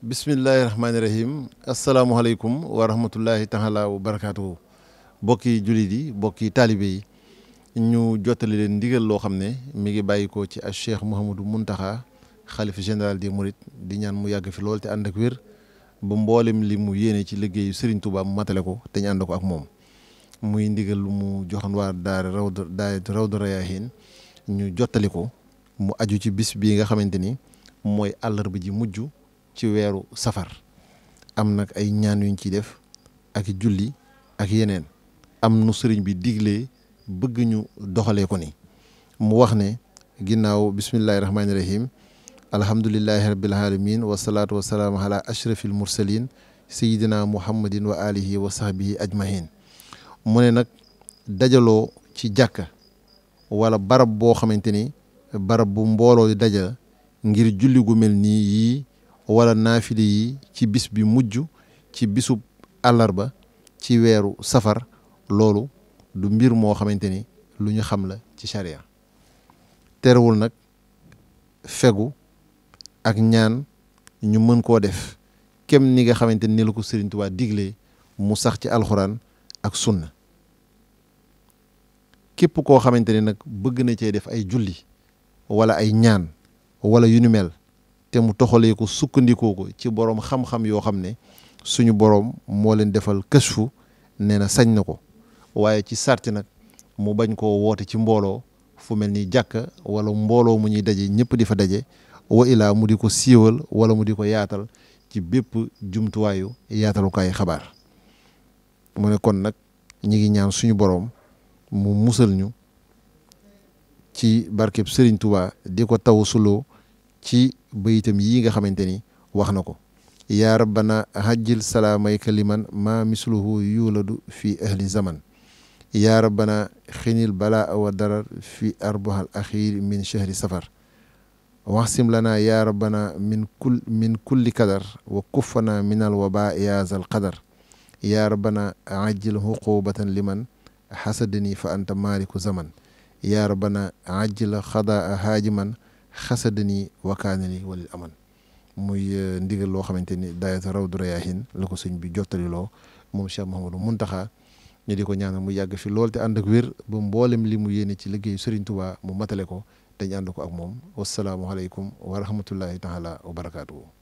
bismillahi rahmaani rahim asalaamualeykum wa rahmatullahi taala wa barakaatuhu bokki jullit yi bokki taalibe yi ñu jottali leen ndigal loo xam ne mi ngi bàyyi ko ci cheikh Mouhamadou Mountakha xalifa général des Mourides di ñaan mu yàgg fi loolu te ànd ak wér ba mboolem li mu yéene ci liggéey Serigne Touba mu matale ko te ñu ànd ko ak moom muy ndigal lu mu joxoon waa rawdu daayira ñu jottali ko mu aju ci bis bii nga xamante ni mooy àllarba ji mujj. ci weeru safar am nag ay ñaan yuñ ci def ak julli ak yeneen am nu sëriñ bi digle bëgg ñu doxalee ko ni mu wax ne ginnaaw bismillahi rahmaani rahim alhamdulilahi rabbil alamin wasalaatu wasalaam ala ashrafil mursalin sayidina muhammadin wa alihi wa sahbihi ajmahin mu ne nag dajaloo ci jàkka wala barab boo xamante ni barab bu mbooloo di daja ngir julli gu mel nii yii wala naafili yi ci bis bi mujj ci bisub àllarba ci weeru safar loolu du mbir moo xamante ni lu ñu xam la ci charia terewul nag fegu ak ñaan ñu mën koo def kem ni nga xamante ni la ko Sëriñ digle mu sax ci alxuraan ak sunna képp koo xamante ni nag bëgg na cee def ay julli walla ay ñaan wala yunu mel te mu toxalee ko sukkandikoo ko ci boroom xam-xam yoo xam ne suñu boroom moo leen defal kësfu nee na sañ na ko waaye ci sarti nag mu bañ koo woote ci mbooloo fu mel ni jàkka walla mbooloo mu ñuy daje ñëpp di fa daje wa ilaa mu di ko siiwal wala mu di ko yaatal ci bépp jumtuwaayu yaatalukaay xabaar mu ne kon nag ñi ngi ñaan suñu boroom mu musal ñu ci barkeb Sëriñ Tuubaa di ko taw suloo ci bayitam yii nga xamante ni wax na ko yaa rabbana hajjil salaamayka liman maa misluhu yuuladu fi ahli zaman yaa rabbana xinil balaa wa darar fi arbohal axiir min chahri safar waxsim lana yaa rabbana min kul min kulli kadar wa kuffana min al waba yaa zal qadar yaa rabbana ajjil xuqubatan liman xasadani fa anta maaliku zaman yaa rabbana ajjil xadaa haajiman xasadani wakaanani walil aman muy euh, ndigal loo xamante ni daayata rawdu rayaahin la ko suñ bi jottaliloo moom Cheikh mun Mountakha ñu di ko ñaanal mu yàgg fi lool te ànd ak wér ba mboolem li mu yéene ci liggéey Serigne Touba mu matale ko dañ ànd ko ak moom wasalaamualeykum wa rahmatullahi taala wa barakaatu.